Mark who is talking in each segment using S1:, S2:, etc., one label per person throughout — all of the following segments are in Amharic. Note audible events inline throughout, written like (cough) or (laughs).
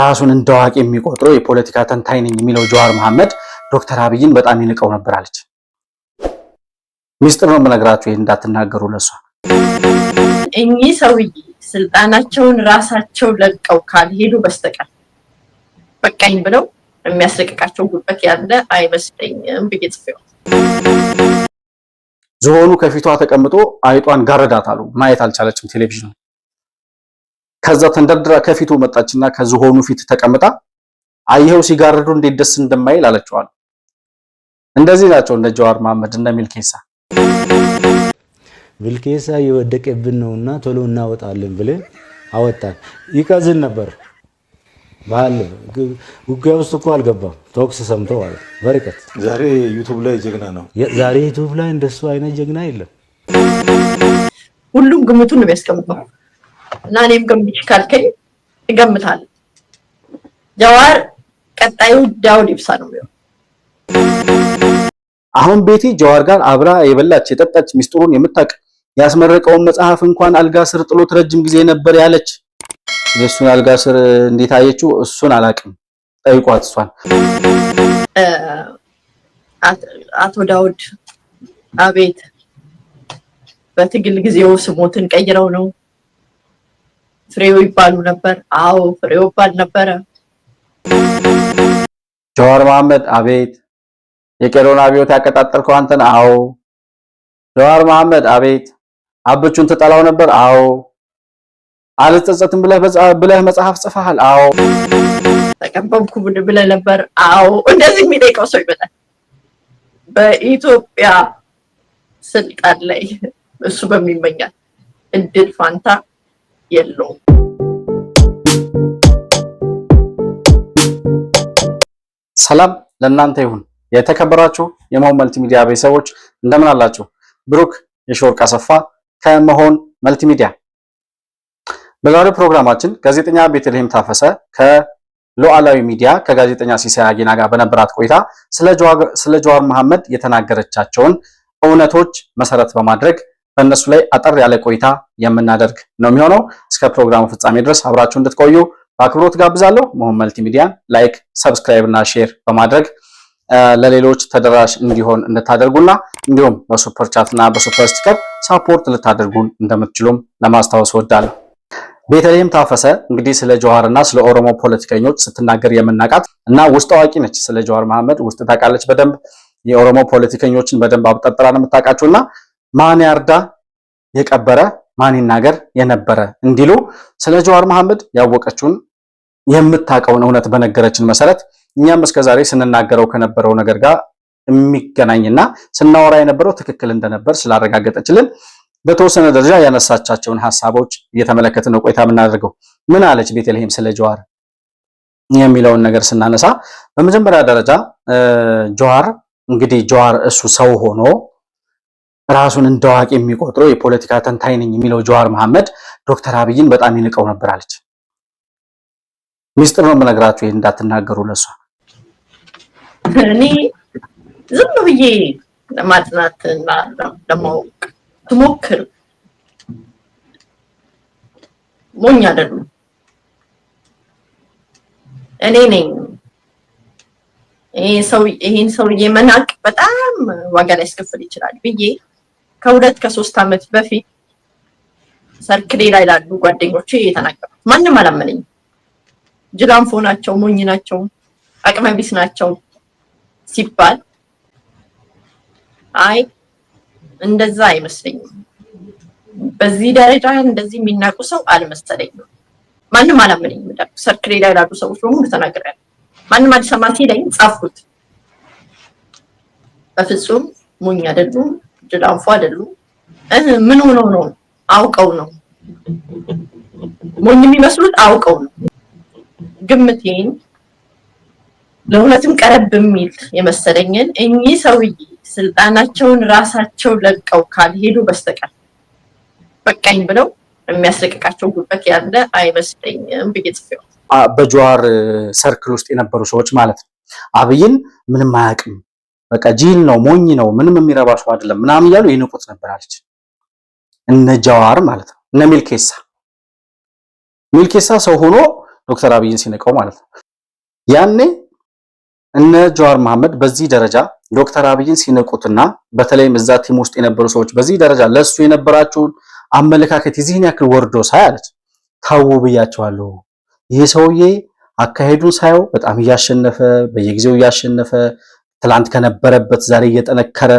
S1: ራሱን እንደ አዋቂ የሚቆጥረው የፖለቲካ ተንታኝ ነኝ የሚለው ጀዋር መሐመድ ዶክተር አብይን በጣም ይንቀው ነበር አለች። ሚስጥር ነው የምነግራችሁ፣ ይሄን እንዳትናገሩ ለሷ።
S2: እኚህ ሰውዬ ስልጣናቸውን ራሳቸው ለቀው ካልሄዱ በስተቀር በቃኝ ብለው የሚያስለቅቃቸው ጉልበት ያለ አይመስለኝም ብዬ ጽፌዋል።
S1: ዝሆኑ ከፊቷ ተቀምጦ አይጧን ጋረዳት አሉ። ማየት አልቻለችም ቴሌቪዥን ከዛ ተንደርድራ ከፊቱ መጣችና ከዝሆኑ ፊት ተቀምጣ አየኸው ሲጋርዱ እንዴት ደስ እንደማይል አለችዋል። እንደዚህ ናቸው እንደ ጀዋር መሐመድ እነ ሚልኬሳ።
S3: ሚልኬሳ የወደቀብን ነውና ቶሎ እናወጣለን ብለን አወጣን። ይቀዝን ነበር ባል ውጊያ ውስጥ እኮ አልገባም። ቶክስ ሰምቶ ማለት በርቀት
S4: ዛሬ ዩቱብ ላይ ጀግና ነው።
S3: ዛሬ ዩቱብ ላይ እንደሱ አይነት ጀግና የለም።
S2: ሁሉም ግምቱን ነው የሚያስቀምጠው። እና እኔም ገምች ካልከኝ እገምታለሁ። ጀዋር ቀጣዩ ዳውድ ይብሳ ነው የሚሆነው።
S1: አሁን ቤቲ ጀዋር ጋር አብራ የበላች የጠጣች ሚስጥሩን የምታውቅ ያስመረቀውን መጽሐፍ እንኳን አልጋ ስር ጥሎት ረጅም ጊዜ ነበር ያለች። የእሱን አልጋ ስር እንዴት አየችው? እሱን አላውቅም፣ ጠይቋት እሷን።
S2: አቶ ዳውድ አቤት፣ በትግል ጊዜው ስሞትን ቀይረው ነው ፍሬው ይባሉ ነበር። አዎ ፍሬው ይባል ነበረ።
S1: ጀዋር መሐመድ አቤት። የቄሮን አብዮት ያቀጣጠልከው አንተን? አዎ። ጀዋር መሐመድ አቤት። አብቹን ትጠላው ነበር? አዎ። አልጸጸትም ብለህ መጽሐፍ ጽፈሃል? አዎ።
S2: ተቀበምኩ ብለህ ነበር? አዎ። እንደዚህ የሚጠይቀው ሰው ይመጣል። በኢትዮጵያ ስልጣን ላይ እሱ በሚመኛል እድል ፋንታ የለውም።
S1: ሰላም ለእናንተ ይሁን። የተከበራችሁ የመሆን መልቲሚዲያ ቤተሰቦች እንደምን አላችሁ? ብሩክ የሾርቅ አሰፋ ከመሆን መልቲሚዲያ። በዛሬው ፕሮግራማችን ጋዜጠኛ ቤተልሔም ታፈሰ ከሉዓላዊ ሚዲያ ከጋዜጠኛ ሲሳይ አጌና ጋር በነበራት ቆይታ ስለ ጀዋር መሐመድ የተናገረቻቸውን እውነቶች መሰረት በማድረግ በእነሱ ላይ አጠር ያለ ቆይታ የምናደርግ ነው የሚሆነው። እስከ ፕሮግራሙ ፍጻሜ ድረስ አብራችሁ እንድትቆዩ በአክብሮት ጋብዛለሁ። መሆን መልቲሚዲያን ላይክ፣ ሰብስክራይብ እና ሼር በማድረግ ለሌሎች ተደራሽ እንዲሆን እንድታደርጉና እንዲሁም በሱፐር ቻት እና በሱፐር ስቲከር ሳፖርት ልታደርጉን እንደምትችሉም ለማስታወስ እወዳለሁ። ቤተልሔም ታፈሰ እንግዲህ ስለ ጀዋር እና ስለ ኦሮሞ ፖለቲከኞች ስትናገር የምናውቃት እና ውስጥ አዋቂ ነች። ስለ ጀዋር መሐመድ ውስጥ ታውቃለች በደንብ የኦሮሞ ፖለቲከኞችን በደንብ አብጠርጥራ ነው የምታውቃቸው እና ማን ያርዳ የቀበረ ማን ይናገር የነበረ እንዲሉ ስለ ጀዋር መሐመድ ያወቀችውን የምታውቀውን እውነት በነገረችን መሰረት እኛም እስከዛሬ ስንናገረው ከነበረው ነገር ጋር የሚገናኝና ስናወራ የነበረው ትክክል እንደነበር ስላረጋገጠችልን በተወሰነ ደረጃ ያነሳቻቸውን ሀሳቦች እየተመለከትን ነው ቆይታ የምናደርገው። ምን አለች ቤተልሔም ስለ ጀዋር የሚለውን ነገር ስናነሳ በመጀመሪያ ደረጃ ጀዋር እንግዲህ ጀዋር እሱ ሰው ሆኖ ራሱን እንደ አዋቂ የሚቆጥረው የፖለቲካ ተንታኝ ነኝ የሚለው ጀዋር መሐመድ ዶክተር አብይን በጣም ይንቀው ነበር አለች። ሚስጥር ነው የምነግራችሁ፣ ይህ እንዳትናገሩ ለሷ።
S2: እኔ ዝም ብዬ ለማጥናትና ለማወቅ ትሞክር ሞኝ አይደለም። እኔ ነኝ ይሄን ሰውዬ መናቅ በጣም ዋጋ ሊያስከፍል ይችላል ብዬ ከሁለት ከሶስት ዓመት በፊት ሰርክሌ ላይ ላሉ ጓደኞች እየተናገሩ ማንም አላመነኝም። ጅላንፎ ናቸው፣ ሞኝ ናቸው፣ አቅመቢስ ናቸው ሲባል አይ እንደዛ አይመስለኝም። በዚህ ደረጃ እንደዚህ የሚናቁ ሰው አልመሰለኝም። ማንም አላመነኝም። ሰርክሌ ላይ ላሉ ሰዎች በሙሉ ተናግሬያለሁ። ማንም አዲስ አማቴ ላይ ጻፍኩት። በፍጹም ሞኝ አይደሉም እድል አልፎ አይደለም። ምን ሆነው ነው? አውቀው ነው ሞኝ የሚመስሉት፣ አውቀው ነው። ግምቴን ለእውነትም ቀረብ የሚል የመሰለኝን እኚህ ሰውዬ ስልጣናቸውን ራሳቸው ለቀው ካልሄዱ በስተቀር በቃኝ ብለው የሚያስለቅቃቸው ጉልበት ያለ አይመስለኝም ብዬ ጽፌዋል።
S1: በጀዋር ሰርክል ውስጥ የነበሩ ሰዎች ማለት ነው። አብይን ምንም አያውቅም በቃ ጂል ነው፣ ሞኝ ነው፣ ምንም የሚረባ ሰው አይደለም ምናምን እያሉ ይንቁት ነበር አለች። እነ ጃዋር ማለት ነው እነ ሚልኬሳ ሚልኬሳ ሰው ሆኖ ዶክተር አብይን ሲነቀው ማለት ነው። ያኔ እነ ጃዋር መሐመድ በዚህ ደረጃ ዶክተር አብይን ሲነቁትና በተለይም እዛ ቲም ውስጥ የነበሩ ሰዎች በዚህ ደረጃ ለሱ የነበራቸውን አመለካከት የዚህን ያክል ወርዶ ሳይ አለች ታው ብያቸዋለሁ። ይሄ ሰውዬ አካሄዱን ሳየው በጣም እያሸነፈ በየጊዜው እያሸነፈ ትላንት ከነበረበት ዛሬ እየጠነከረ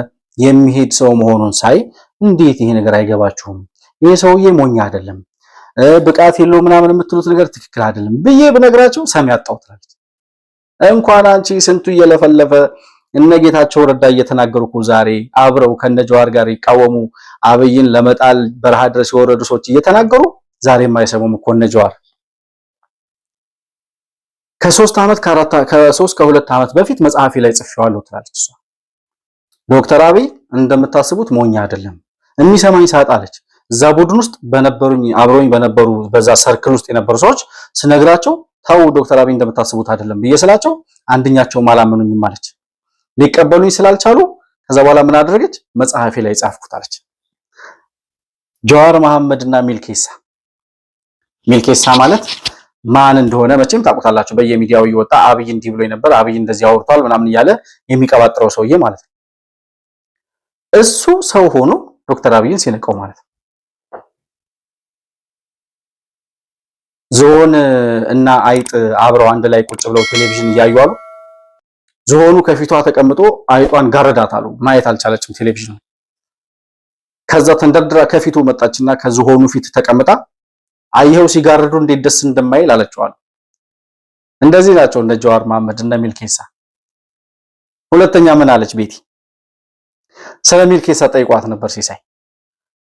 S1: የሚሄድ ሰው መሆኑን ሳይ እንዴት ይሄ ነገር አይገባችሁም? ይሄ ሰውዬ ሞኛ አይደለም፣ ብቃት የለው ምናምን የምትሉት ነገር ትክክል አይደለም ብዬ ብነግራቸው ሰሚ ያጣው ትላለች። እንኳን አንቺ ስንቱ እየለፈለፈ እነ ጌታቸው ረዳ እየተናገሩ እኮ ዛሬ አብረው ጀዋር ጋር ይቃወሙ አብይን ለመጣል በረሃ ድረስ የወረዱ ሰዎች እየተናገሩ ዛሬም አይሰሙም እኮ እነ ጀዋር ከሶስት ዓመት ከሶስት ከሁለት ዓመት በፊት መጽሐፊ ላይ ጽፌዋለሁ ትላለች እሷ። ዶክተር አብይ እንደምታስቡት ሞኝ አይደለም። የሚሰማኝ አለች። እዛ ቡድን ውስጥ በነበሩኝ አብረውኝ በነበሩ በዛ ሰርክል ውስጥ የነበሩ ሰዎች ስነግራቸው ተው ዶክተር አብይ እንደምታስቡት አይደለም ብዬ ስላቸው አንደኛቸውም አላመኑኝም አለች። ሊቀበሉኝ ስላልቻሉ ከዛ በኋላ ምን አደረገች? መጽሐፊ ላይ ጻፍኩት አለች። ጀዋር መሐመድና ሚልኬሳ ሚልኬሳ ማለት ማን እንደሆነ መቼም ታውቁታላችሁ። በየሚዲያው እየወጣ አብይ እንዲህ ብሎ ነበር፣ አብይ እንደዚህ አውርቷል ምናምን እያለ የሚቀባጥረው ሰውዬ ማለት ነው። እሱ ሰው ሆኖ ዶክተር አብይን ሲነቀው ማለት ነው። ዝሆን እና አይጥ አብረው አንድ ላይ ቁጭ ብለው ቴሌቪዥን እያዩ አሉ። ዝሆኑ ከፊቷ ተቀምጦ አይጧን ጋረዳት አሉ። ማየት አልቻለችም ቴሌቪዥን። ከዛ ተንደርድራ ከፊቱ መጣችና ከዝሆኑ ፊት ተቀምጣ አየኸው ሲጋርዱ እንዴት ደስ እንደማይል አለችዋል። እንደዚህ ናቸው እነ ጀዋር መሐመድ እነ ሚልኬሳ። ሁለተኛ ምን አለች ቤቲ? ስለ ሚልኬሳ ጠይቋት ነበር ሲሳይ።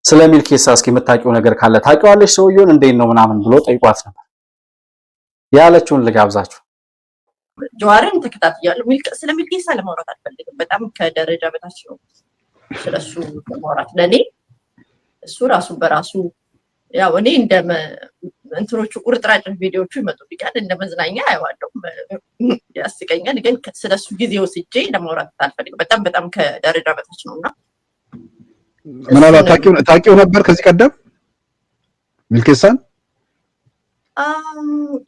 S1: ስለ ሚልኬሳ እስኪ የምታውቂው ነገር ካለ ታውቂዋለሽ፣ ሰውየውን እንዴት ነው ምናምን ብሎ ጠይቋት ነበር። ያለችውን ልጋብዛችሁ።
S2: ጀዋርን ተከታትያለሁ። ስለ ሚልኬሳ ለማውራት አልፈልግም። በጣም ከደረጃ በታች ነው ስለሱ ለማውራት ለእኔ እሱ ራሱ በራሱ ያው እኔ እንደ እንትኖቹ ቁርጥራጭ ቪዲዮቹ ይመጡልኛል፣ እንደ መዝናኛ አየዋለሁ፣ ያስቀኛል። ግን ስለሱ ጊዜ ወስጄ ለማውራት ታልፈልግ በጣም በጣም ከደረጃ በታች ነው እና
S1: ምናልባት ታቂው ነበር ከዚህ ቀደም ሚልኬሳን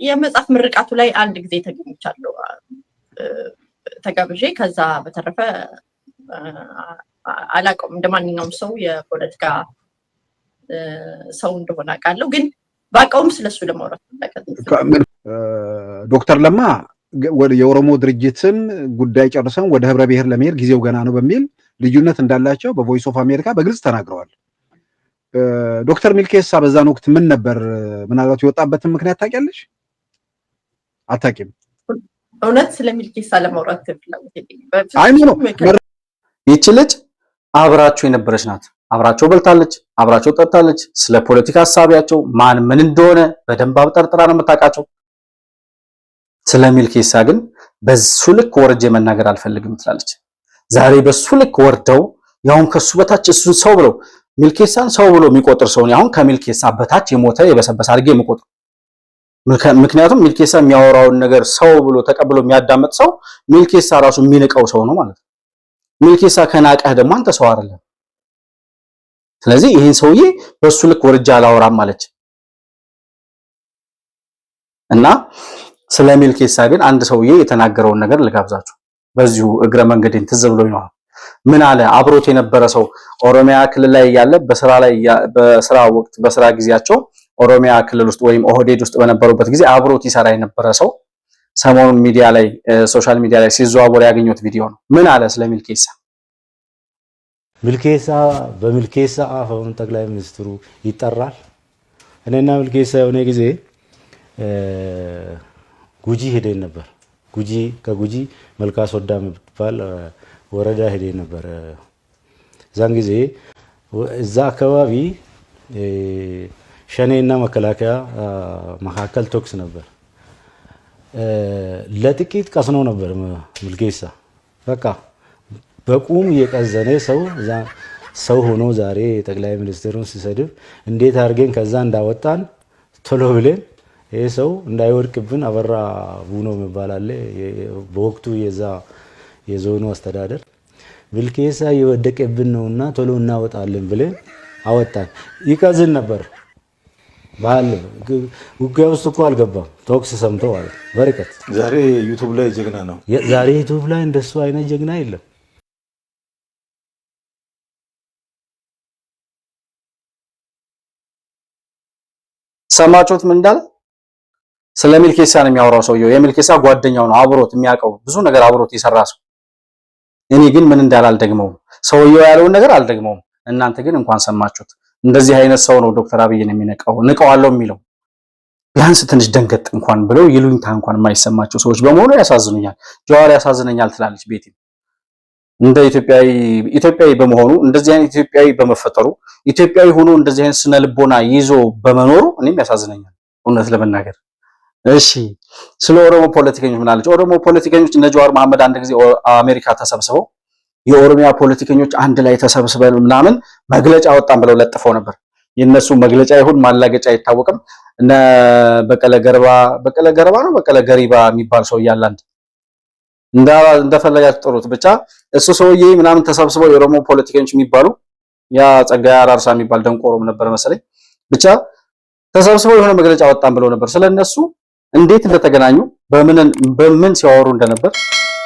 S2: የመጽሐፍ ምርቃቱ ላይ አንድ ጊዜ ተገኝቻለሁ ተጋብዤ። ከዛ በተረፈ አላውቀውም። እንደ ማንኛውም ሰው የፖለቲካ ሰው እንደሆነ አውቃለሁ፣ ግን በአቃውም ስለሱ ለማውራት
S1: ዶክተር ለማ የኦሮሞ ድርጅትን ጉዳይ ጨርሰን ወደ ህብረ ብሔር ለመሄድ ጊዜው ገና ነው በሚል ልዩነት እንዳላቸው በቮይስ ኦፍ አሜሪካ በግልጽ ተናግረዋል። ዶክተር ሚልኬሳ በዛን ወቅት ምን ነበር? ምናልባት የወጣበትን ምክንያት ታውቂያለሽ? አታውቂም?
S2: እውነት ስለ ሚልኬሳ ለማውራት
S1: ይቺ ልጅ አብራችሁ የነበረች ናት። አብራቸው በልታለች፣ አብራቸው ጠጥታለች። ስለ ፖለቲካ ሀሳቢያቸው ማን ምን እንደሆነ በደንብ አብጠርጥራ ነው የምታውቃቸው። ስለ ሚልኬሳ ግን በሱ ልክ ወርጄ መናገር አልፈልግም ትላለች። ዛሬ በሱ ልክ ወርደው ያሁን ከሱ በታች እሱን ሰው ብለው ሚልኬሳን ሰው ብሎ የሚቆጥር ሰው አሁን ከሚልኬሳ በታች የሞተ የበሰበሰ አድርጌ የሚቆጥር ምክንያቱም ሚልኬሳ የሚያወራውን ነገር ሰው ብሎ ተቀብሎ የሚያዳምጥ ሰው ሚልኬሳ ራሱ የሚንቀው ሰው ነው ማለት ነው። ሚልኬሳ ከናቀህ ደግሞ አንተ ሰው አይደለም። ስለዚህ ይህን ሰውዬ በሱ ልክ ወርጃ አላወራም ማለት እና ስለ ሚልኬ አንድ ሰውዬ የተናገረውን ነገር ልጋብዛችሁ። በዚሁ እግረ መንገዴን ትዝ ነው። ምን አለ? አብሮት የነበረ ሰው ኦሮሚያ ክልል ላይ እያለ በስራ ላይ በስራ ወቅት በስራ ጊዜያቸው ኦሮሚያ ክልል ውስጥ ወይም ኦህዴድ ውስጥ በነበሩበት ጊዜ አብሮት ይሰራ የነበረ ሰው ሰሞኑን ሚዲያ ላይ ሶሻል ሚዲያ ላይ ሲዘዋወር ያገኘት ቪዲዮ ነው። ምን አለ ስለ ሚልኬሳ
S3: ምልኬሳ በምልኬሳ አፈውን ጠቅላይ ሚኒስትሩ ይጠራል። እኔና ምልኬሳ የሆነ ጊዜ ጉጂ ሄደን ነበር። ጉጂ ከጉጂ መልካ ሶዳ የምትባል ወረዳ ሄደን ነበር። እዛን ጊዜ እዛ አካባቢ ሸኔና መከላከያ መካከል ተኩስ ነበር። ለጥቂት ቀስኖ ነበር ምልኬሳ በቃ በቁም የቀዘነ ሰው ሰው ሆኖ ዛሬ ጠቅላይ ሚኒስትሩን ሲሰድብ እንዴት አድርገን ከዛ እንዳወጣን ቶሎ ብለን ይህ ሰው እንዳይወድቅብን አበራ ቡኖ የሚባል አለ። በወቅቱ የዛ የዞኑ አስተዳደር ብልኬሳ የወደቀብን ነውና ቶሎ እናወጣለን ብለን አወጣን። ይቀዝን ነበር ባህል ውጊያ ውስጥ እኮ አልገባም። ቶክስ ሰምተው በርቀት
S4: ዛሬ ዩቱብ ላይ ጀግና ነው።
S3: ዛሬ ዩቱብ ላይ እንደሱ አይነት ጀግና የለም።
S1: ሰማችሁት? ምን እንዳለ ስለ ሚልኬሳ ነው የሚያወራው ሰውየው። የሚልኬሳ ጓደኛው ነው፣ አብሮት የሚያውቀው ብዙ ነገር አብሮት የሰራ ሰው። እኔ ግን ምን እንዳለ አልደግመውም፣ ሰውየው ያለውን ነገር አልደግመውም። እናንተ ግን እንኳን ሰማችሁት። እንደዚህ አይነት ሰው ነው ዶክተር አብይን የሚነቀው ንቀዋለው የሚለው ቢያንስ ትንሽ ደንገጥ እንኳን ብለው ይሉኝታ እንኳን የማይሰማቸው ሰዎች በመሆኑ ያሳዝኑኛል። ጀዋር ያሳዝነኛል ትላለች ቤቴ እንደ ኢትዮጵያዊ ኢትዮጵያዊ በመሆኑ እንደዚህ አይነት ኢትዮጵያዊ በመፈጠሩ ኢትዮጵያዊ ሆኖ እንደዚህ አይነት ስነ ልቦና ይዞ በመኖሩ እኔም ያሳዝነኛል እውነት ለመናገር። እሺ ስለ ኦሮሞ ፖለቲከኞች ምን ኦሮሞ ፖለቲከኞች እነ ጀዋር መሐመድ አንድ ጊዜ አሜሪካ ተሰብስበው የኦሮሚያ ፖለቲከኞች አንድ ላይ ተሰብስበን ምናምን መግለጫ ወጣን ብለው ለጥፈው ነበር። የነሱ መግለጫ ይሁን ማላገጫ አይታወቅም። እነ በቀለ ገርባ በቀለ ገርባ ነው በቀለ ገሪባ የሚባል ሰው እያለ አንድ እንደፈለጋችሁ ጥሩት ብቻ እሱ ሰውዬ ምናምን ተሰብስበው የኦሮሞ ፖለቲከኞች የሚባሉ ያ ጸጋዬ አራርሳ የሚባል ደንቆሮም ነበር መሰለኝ ብቻ ተሰብስበው የሆነ መግለጫ ወጣን ብለው ነበር። ስለነሱ እንዴት እንደተገናኙ በምን ሲያወሩ እንደነበር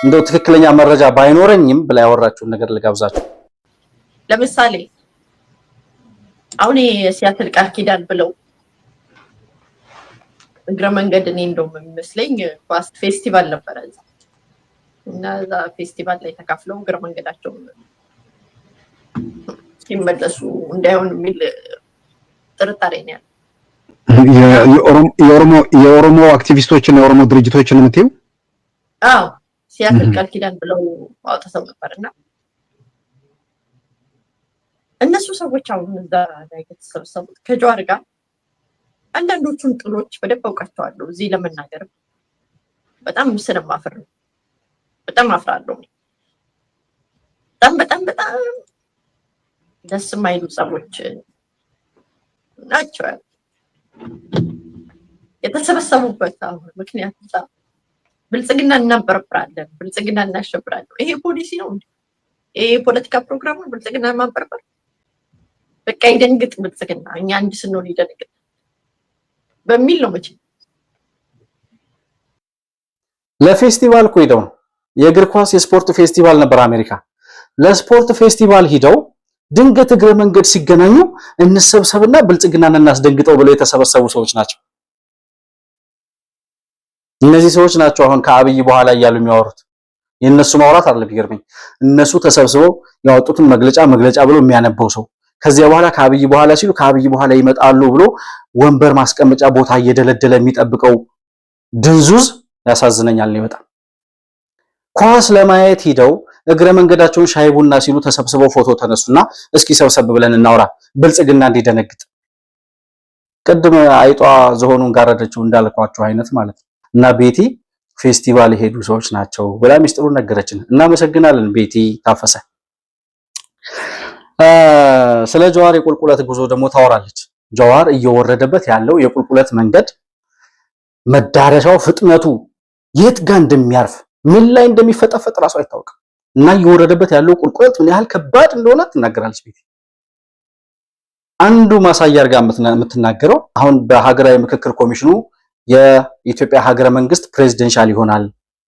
S1: እንደው ትክክለኛ መረጃ ባይኖረኝም ብላ ያወራችሁን ነገር ልጋብዛችሁ።
S2: ለምሳሌ አሁን የሲያትል ቃል ኪዳን ብለው እግረ መንገድ እኔ እንደውም የሚመስለኝ ፋስት ፌስቲቫል ነበረ እና ፌስቲቫል ላይ ተካፍለው እግረ መንገዳቸውን ሲመለሱ እንዳይሆን የሚል ጥርጣሬ ነው ያለ።
S1: የኦሮሞ አክቲቪስቶችን የኦሮሞ ድርጅቶችን የምትይው?
S2: አዎ ሲያትል ቃል ኪዳን ብለው አውጥተው ነበር እና እነሱ ሰዎች አሁን እዛ ላይ የተሰበሰቡት ከጀዋር ጋር አንዳንዶቹን ጥሎች በደንብ አውቃቸዋለሁ። እዚህ ለመናገር በጣም ስለማፍር ነው በጣም አፍራለሁ። በጣም በጣም በጣም ደስ የማይሉ ሰዎች ናቸው የተሰበሰቡበት አሁን ምክንያት ብልጽግና እናበረብራለን፣ ብልጽግና እናሸብራለን። ይሄ ፖሊሲ ነው ይሄ የፖለቲካ ፕሮግራም ነው። ብልጽግና ማበረበር በቃ ይደንግጥ ብልጽግና፣ እኛ አንድ ስንሆን ይደንግጥ በሚል ነው መቼም
S1: ለፌስቲቫል ቆይተው የእግር ኳስ የስፖርት ፌስቲቫል ነበር አሜሪካ። ለስፖርት ፌስቲቫል ሂደው ድንገት እግረ መንገድ ሲገናኙ እንሰብሰብና ብልጽግናን እናስደንግጠው ብለው የተሰበሰቡ ሰዎች ናቸው። እነዚህ ሰዎች ናቸው አሁን ከአብይ በኋላ እያሉ የሚያወሩት። የእነሱ ማውራት አለ ይገርመኝ። እነሱ ተሰብስበው ያወጡትን መግለጫ መግለጫ ብሎ የሚያነበው ሰው ከዚያ በኋላ ከአብይ በኋላ ሲሉ ከአብይ በኋላ ይመጣሉ ብሎ ወንበር ማስቀመጫ ቦታ እየደለደለ የሚጠብቀው ድንዙዝ ያሳዝነኛል በጣም። ኳስ ለማየት ሂደው እግረ መንገዳቸውን ሻይ ቡና ሲሉ ተሰብስበው ፎቶ ተነሱና እስኪ ሰብሰብ ብለን እናውራ፣ ብልጽግና እንዲደነግጥ። ቅድም አይጧ ዝሆኑን ጋረደችው እንዳልኳቸው አይነት ማለት ነው። እና ቤቲ ፌስቲቫል የሄዱ ሰዎች ናቸው ብላ ሚስጥሩ ነገረችን። እናመሰግናለን ቤቲ ታፈሰ። ስለ ጀዋር የቁልቁለት ጉዞ ደግሞ ታወራለች። ጀዋር እየወረደበት ያለው የቁልቁለት መንገድ መዳረሻው ፍጥነቱ የት ጋር እንደሚያርፍ ምን ላይ እንደሚፈጠፈጥ ራሱ አይታወቅም። እና እየወረደበት ያለው ቁልቁለት ምን ያህል ከባድ እንደሆነ ትናገራለች ቤቲ። አንዱ ማሳያ አርጋ የምትናገረው አሁን በሀገራዊ ምክክር ኮሚሽኑ የኢትዮጵያ ሀገረ መንግስት ፕሬዚደንሻል ይሆናል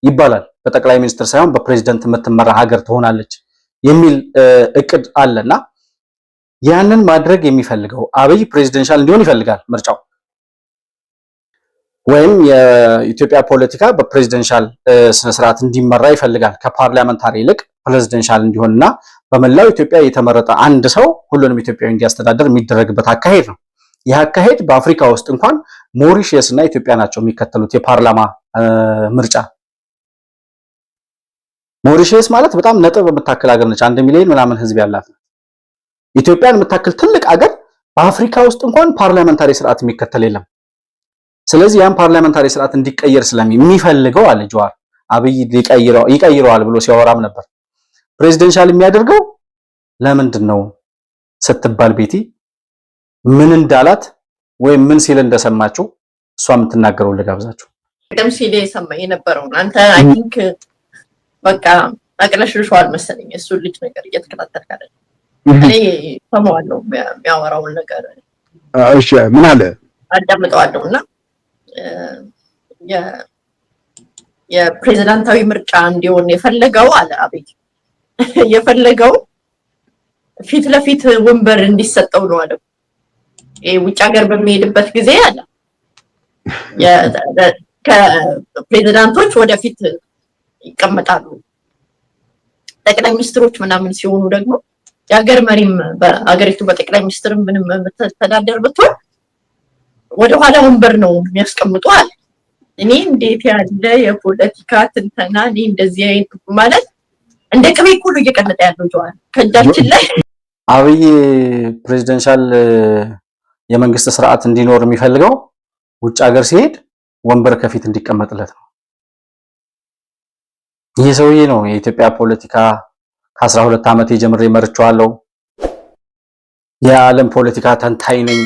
S1: ይባላል። በጠቅላይ ሚኒስትር ሳይሆን በፕሬዚደንት የምትመራ ሀገር ትሆናለች የሚል እቅድ አለና ያንን ማድረግ የሚፈልገው አብይ ፕሬዚደንሻል እንዲሆን ይፈልጋል ምርጫው ወይም የኢትዮጵያ ፖለቲካ በፕሬዚደንሻል ስነስርዓት እንዲመራ ይፈልጋል። ከፓርላመንታሪ ይልቅ ፕሬዚደንሻል እንዲሆንና በመላው ኢትዮጵያ የተመረጠ አንድ ሰው ሁሉንም ኢትዮጵያዊ እንዲያስተዳደር የሚደረግበት አካሄድ ነው። ይህ አካሄድ በአፍሪካ ውስጥ እንኳን ሞሪሽየስ እና ኢትዮጵያ ናቸው የሚከተሉት የፓርላማ ምርጫ። ሞሪሽየስ ማለት በጣም ነጥብ የምታክል ሀገር ነች። አንድ ሚሊዮን ምናምን ህዝብ ያላት ነው። ኢትዮጵያን የምታክል ትልቅ ሀገር በአፍሪካ ውስጥ እንኳን ፓርላመንታሪ ስርዓት የሚከተል የለም። ስለዚህ ያን ፓርላመንታሪ ስርዓት እንዲቀየር ስለሚፈልገው አለ ጀዋር አብይ ሊቀይረው ይቀይረዋል ብሎ ሲያወራም ነበር። ፕሬዚደንሻል የሚያደርገው ለምንድን ነው ስትባል ቤቲ ምን እንዳላት ወይም ምን ሲል እንደሰማችሁ እሷ የምትናገረው ልጋብዛችሁ።
S2: ቀደም ሲል የሰማ የነበረው አንተ አይ ቲንክ በቃ አቅለሽልሸዋል መሰለኝ። እሱን ልጅ ነገር እየተከታተልክ አይደል? እኔ ሰማዋለሁ የሚያወራውን ነገር።
S1: እሺ ምን አለ
S2: አዳምጠዋለሁ እና የፕሬዚዳንታዊ ምርጫ እንዲሆን የፈለገው አለ አቤት (laughs) የፈለገው ፊት ለፊት ወንበር እንዲሰጠው ነው አለው። ውጭ ሀገር በሚሄድበት ጊዜ አለ (laughs) ከፕሬዚዳንቶች ወደፊት ይቀመጣሉ። ጠቅላይ ሚኒስትሮች ምናምን ሲሆኑ ደግሞ የሀገር መሪም በሀገሪቱ በጠቅላይ ሚኒስትርም ምንም የምትተዳደር ብትሆን ወደኋላ ወንበር ነው የሚያስቀምጡ አለ። እኔ እንዴት ያለ የፖለቲካ ትንተና! እኔ እንደዚህ አይነት ማለት እንደ ቅቤ ሁሉ እየቀነጠ ያለው ጀዋል ከእጃችን ላይ
S1: አብይ ፕሬዚደንሻል የመንግስት ስርዓት እንዲኖር የሚፈልገው ውጭ ሀገር ሲሄድ ወንበር ከፊት እንዲቀመጥለት ነው። ይህ ሰውዬ ነው የኢትዮጵያ ፖለቲካ ከአስራ ሁለት ዓመት የጀምሬ መርቼዋለሁ። የዓለም ፖለቲካ ተንታኝ ነኝ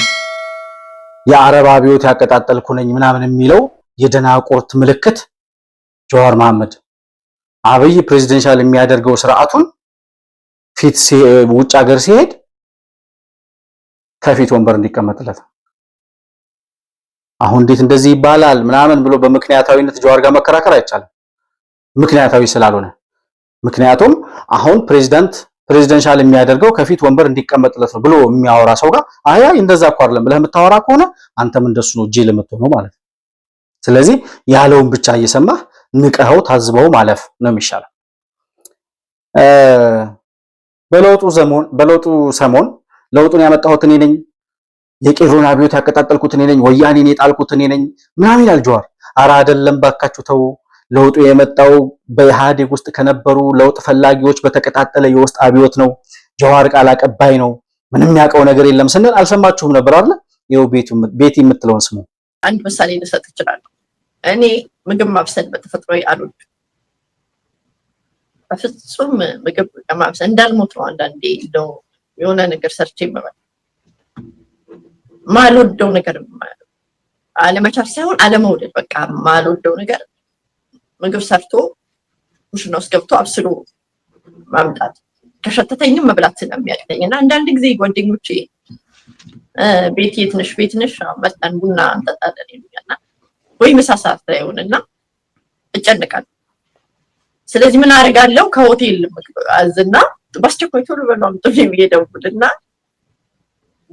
S1: የአረብ አብዮት ያቀጣጠልኩ ነኝ ምናምን የሚለው የደናቁርት ምልክት ጀዋር መሐመድ አብይ ፕሬዚደንሻል የሚያደርገው ስርዓቱን ፊት ውጭ ሀገር ሲሄድ ከፊት ወንበር እንዲቀመጥለት አሁን እንዴት እንደዚህ ይባላል ምናምን ብሎ በምክንያታዊነት ጀዋር ጋር መከራከር አይቻልም። ምክንያታዊ ስላልሆነ ምክንያቱም አሁን ፕሬዚዳንት ፕሬዚደንሻል የሚያደርገው ከፊት ወንበር እንዲቀመጥለት ነው ብሎ የሚያወራ ሰው ጋር አያ እንደዛ እኮ አይደለም ብለህ የምታወራ ከሆነ አንተም እንደሱ ነው እጄ ለምትሆነው ማለት ነው። ስለዚህ ያለውን ብቻ እየሰማህ ንቀኸው ታዝበው ማለፍ ነው የሚሻለው። በለውጡ ዘመን በለውጡ ሰሞን ለውጡን ያመጣሁት እኔ ነኝ፣ የቄሮን አብዮት ያቀጣጠልኩት እኔ ነኝ፣ ወያኔን የጣልኩት እኔ ነኝ ምናምን ይላል ጀዋር። ኧረ አይደለም ባካችሁ ተው ለውጡ የመጣው በኢህአዴግ ውስጥ ከነበሩ ለውጥ ፈላጊዎች በተቀጣጠለ የውስጥ አብዮት ነው። ጀዋር ቃል አቀባይ ነው፣ ምንም ያውቀው ነገር የለም ስንል አልሰማችሁም ነበር አለ። ይኸው ቤት የምትለውን ስሙ።
S2: አንድ ምሳሌ ልሰጥ እችላለሁ። እኔ ምግብ ማብሰል በተፈጥሮ አሉድ በፍጹም ምግብ ማብሰል እንዳልሞት ነው። አንዳንዴ እንደው የሆነ ነገር ሰርቼ ይመባል ማልወደው ነገር አለመቻል ሳይሆን አለመውደድ፣ በቃ ማልወደው ነገር ምግብ ሰርቶ ኩሽና ውስጥ ገብቶ አብስሎ ማምጣት ከሸተተኝም መብላት ስለሚያቅተኝ እና አንዳንድ ጊዜ ጓደኞቼ ቤት የትንሽ ቤት ትንሽ መጠን ቡና እንጠጣለን ይሉኛልና ወይ ምሳ ሰዓት ላይ ይሆንና እጨንቃለሁ። ስለዚህ ምን አደርጋለሁ? ከሆቴል ምግብ አዝና በአስቸኳይ ቶሎ በሉ አምጡልኝ ብዬ እደውልና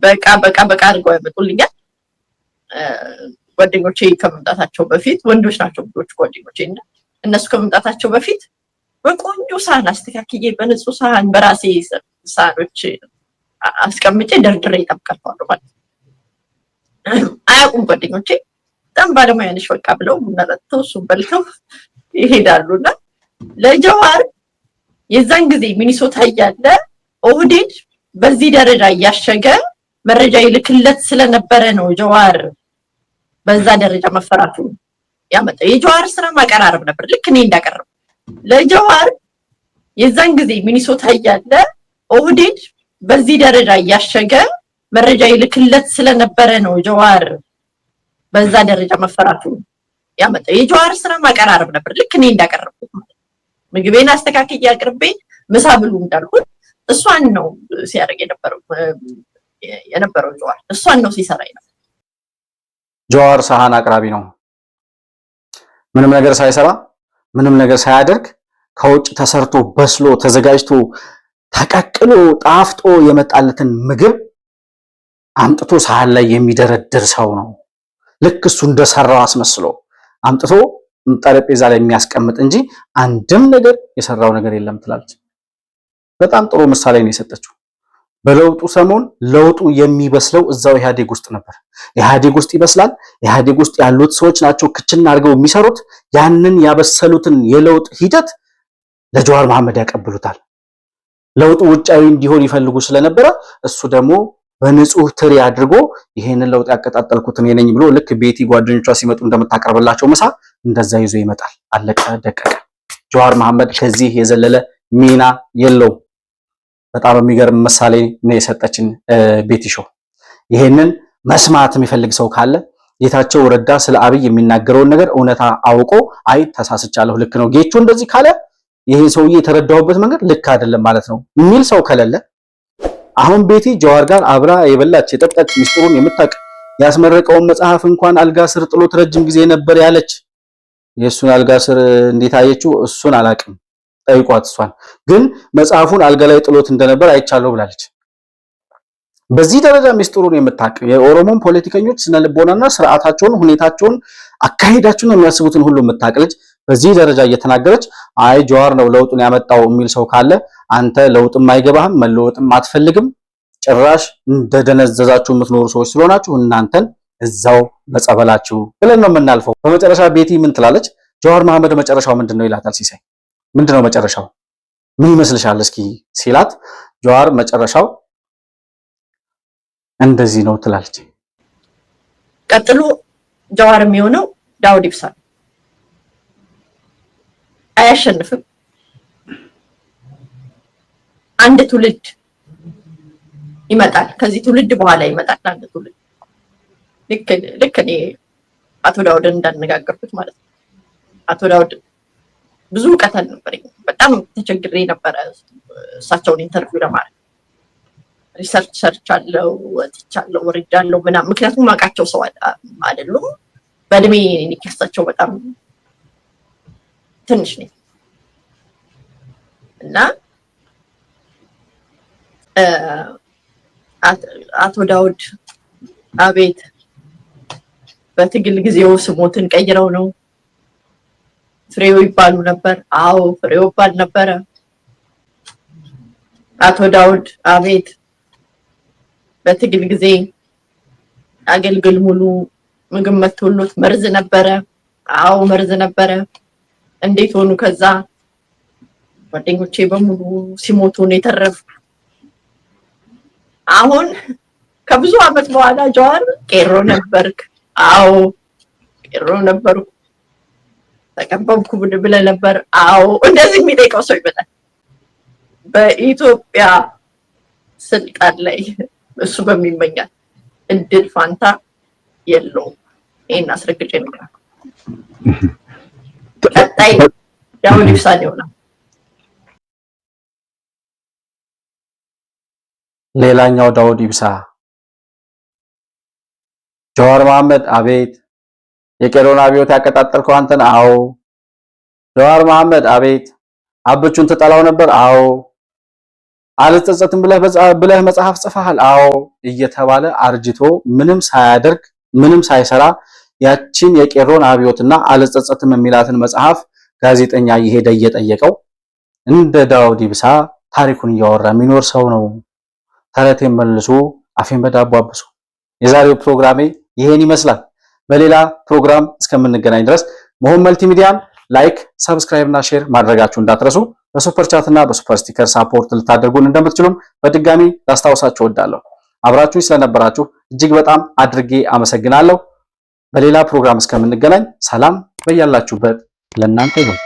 S2: በቃ በቃ በቃ አድርገው ያመጡልኛል። ጓደኞቼ ከመምጣታቸው በፊት ወንዶች ናቸው ብዙዎቹ ጓደኞቼ እና እነሱ ከመምጣታቸው በፊት በቆንጆ ሳህን አስተካክዬ በንጹህ ሳህን በራሴ ሳህኖች አስቀምጬ ደርድሬ እጠብቃቸዋለሁ ማለት አያውቁም ጓደኞቼ። በጣም ባለሙያ ነሽ በቃ ብለው ቡና ጠጥተው በልተው ይሄዳሉ። እና ለጀዋር የዛን ጊዜ ሚኒሶታ እያለ ኦህዴድ በዚህ ደረጃ እያሸገ መረጃ ይልክለት ስለነበረ ነው ጀዋር በዛ ደረጃ መፈራቱ ያመጣው የጀዋር ስራ ማቀራረብ ነበር። ልክ እኔ እንዳቀረብ ለጀዋር የዛን ጊዜ ሚኒሶታ እያለ ኦህዴድ በዚህ ደረጃ እያሸገ መረጃ ይልክለት ስለነበረ ነው ጀዋር በዛ ደረጃ መፈራቱ ያመጣው። የጀዋር ስራ ማቀራረብ ነበር። ልክ እኔ እንዳቀረብኩት ምግቤን አስተካክዬ አቅርቤ ምሳ ብሉ እንዳልኩት እሷን ነው ሲያደርግ የነበረው የነበረው ጀዋር እሷን ነው ሲሰራ የነበረው
S1: ጀዋር ሰሃን አቅራቢ ነው። ምንም ነገር ሳይሰራ ምንም ነገር ሳያደርግ ከውጭ ተሰርቶ በስሎ ተዘጋጅቶ ተቀቅሎ ጣፍጦ የመጣለትን ምግብ አምጥቶ ሳህን ላይ የሚደረድር ሰው ነው። ልክ እሱ እንደሰራው አስመስሎ አምጥቶ ጠረጴዛ ላይ የሚያስቀምጥ እንጂ አንድም ነገር የሰራው ነገር የለም ትላለች። በጣም ጥሩ ምሳሌ ነው የሰጠችው። በለውጡ ሰሞን ለውጡ የሚበስለው እዛው ኢህአዴግ ውስጥ ነበር። ኢህአዴግ ውስጥ ይበስላል። ኢህአዴግ ውስጥ ያሉት ሰዎች ናቸው ክችና አድርገው የሚሰሩት። ያንን ያበሰሉትን የለውጥ ሂደት ለጀዋር መሐመድ ያቀብሉታል። ለውጡ ውጫዊ እንዲሆን ይፈልጉ ስለነበረ እሱ ደግሞ በንጹህ ትሪ አድርጎ ይሄንን ለውጥ ያቀጣጠልኩትን የነኝ ብሎ ልክ ቤቲ ጓደኞቿ ሲመጡ እንደምታቀርብላቸው ምሳ እንደዛ ይዞ ይመጣል። አለቀ ደቀቀ። ጀዋር መሐመድ ከዚህ የዘለለ ሚና የለውም። በጣም የሚገርም ምሳሌ ነው የሰጠችን ቤቲሾ። ይሄንን መስማት የሚፈልግ ሰው ካለ ጌታቸው ረዳ ስለ አብይ የሚናገረውን ነገር እውነታ አውቆ አይ ተሳስቻለሁ፣ ልክ ነው ጌቹ እንደዚህ ካለ ይሄ ሰውዬ የተረዳሁበት መንገድ ልክ አይደለም ማለት ነው የሚል ሰው ከሌለ አሁን ቤቲ ጀዋር ጋር አብራ የበላች የጠጣች ሚስጥሩን የምታውቅ ያስመረቀውን መጽሐፍ እንኳን አልጋ ስር ጥሎት ረጅም ጊዜ ነበር ያለች የእሱን አልጋ ስር እንዴት አየችው? እሱን አላቅም። ጠይቋት። እሷን ግን መጽሐፉን አልጋ ላይ ጥሎት እንደነበር አይቻለሁ ብላለች። በዚህ ደረጃ ሚስጥሩን የምታቅ የኦሮሞን ፖለቲከኞች ስነ ልቦናና ስርዓታቸውን፣ ሁኔታቸውን፣ አካሄዳቸውን የሚያስቡትን ሁሉ የምታውቅ ልጅ በዚህ ደረጃ እየተናገረች አይ ጀዋር ነው ለውጡን ያመጣው የሚል ሰው ካለ አንተ ለውጥም አይገባህም፣ መለወጥም አትፈልግም፣ ጭራሽ እንደደነዘዛችሁ የምትኖሩ ሰዎች ስለሆናችሁ እናንተን እዛው በጸበላችሁ ብለን ነው የምናልፈው። በመጨረሻ ቤቲ ምን ትላለች? ጀዋር መሐመድ መጨረሻው ምንድን ነው ይላታል ሲሳይ ምንድነው መጨረሻው? ምን ይመስልሻል? እስኪ ሲላት ጀዋር መጨረሻው እንደዚህ ነው ትላለች።
S2: ቀጥሎ ጀዋር የሚሆነው ዳውድ ይብሳል አያሸንፍም። አንድ ትውልድ ይመጣል። ከዚህ ትውልድ በኋላ ይመጣል አንድ ትውልድ። ልክ ልክ እኔ አቶ ዳውድን እንዳነጋገርኩት ማለት ነው አቶ ዳውድ ብዙ እውቀት አልነበረኝ። በጣም ተቸግሬ ነበረ እሳቸውን ኢንተርቪው ለማድረግ ሪሰርች ሰርቻለሁ፣ ወጥቻለሁ፣ ወርጃለሁ ምናምን። ምክንያቱም አውቃቸው ሰው አይደሉም። በእድሜ ከሳቸው በጣም ትንሽ ነኝ እና አቶ ዳውድ አቤት በትግል ጊዜው ስሞትን ቀይረው ነው ፍሬው ይባሉ ነበር? አዎ ፍሬው ይባል ነበረ። አቶ ዳውድ አቤት፣ በትግል ጊዜ አገልግል ሙሉ ምግብ መቶሎት መርዝ ነበረ። አዎ መርዝ ነበረ። እንዴት ሆኑ? ከዛ ጓደኞቼ በሙሉ ሲሞቱ ነው የተረፉ። አሁን ከብዙ አመት በኋላ ጀዋር ቄሮ ነበርክ? አዎ ቄሮ ነበርኩ። ተቀበብኩ ብለ ነበር? አዎ። እንደዚህ የሚጠይቀው ሰው ይበጣል። በኢትዮጵያ ስልጣን ላይ እሱ በሚመኛል እድል ፋንታ የለውም። ይህን አስረግጬ ነው። ቀጣይ ዳውን ይብሳን ይሆናል።
S1: ሌላኛው ዳውድ ኢብሳ ጀዋር መሐመድ አቤት የቄሮን አብዮት ያቀጣጠልከው አንተን? አዎ። ጀዋር መሐመድ አቤት። አብቹን ትጠላው ነበር? አዎ። አልጸጸትም ብለህ መጽሐፍ ጽፈሃል? አዎ። እየተባለ አርጅቶ ምንም ሳያደርግ ምንም ሳይሰራ ያቺን የቄሮን አብዮትና አልጸጸትም የሚላትን መጽሐፍ ጋዜጠኛ እየሄደ እየጠየቀው እንደ ዳውድ ይብሳ ታሪኩን እያወራ የሚኖር ሰው ነው። ተረቴን መልሶ አፌን በዳቦ አብሶ የዛሬው ፕሮግራሜ ይሄን ይመስላል። በሌላ ፕሮግራም እስከምንገናኝ ድረስ መሆን መልቲሚዲያን ላይክ፣ ሰብስክራይብ እና ሼር ማድረጋችሁ እንዳትረሱ። በሱፐር ቻት እና በሱፐር ስቲከር ሳፖርት ልታደርጉን እንደምትችሉም በድጋሚ ላስታውሳችሁ እወዳለሁ። አብራችሁኝ ስለነበራችሁ እጅግ በጣም አድርጌ አመሰግናለሁ። በሌላ ፕሮግራም እስከምንገናኝ ሰላም በያላችሁበት ለእናንተ ይሁን።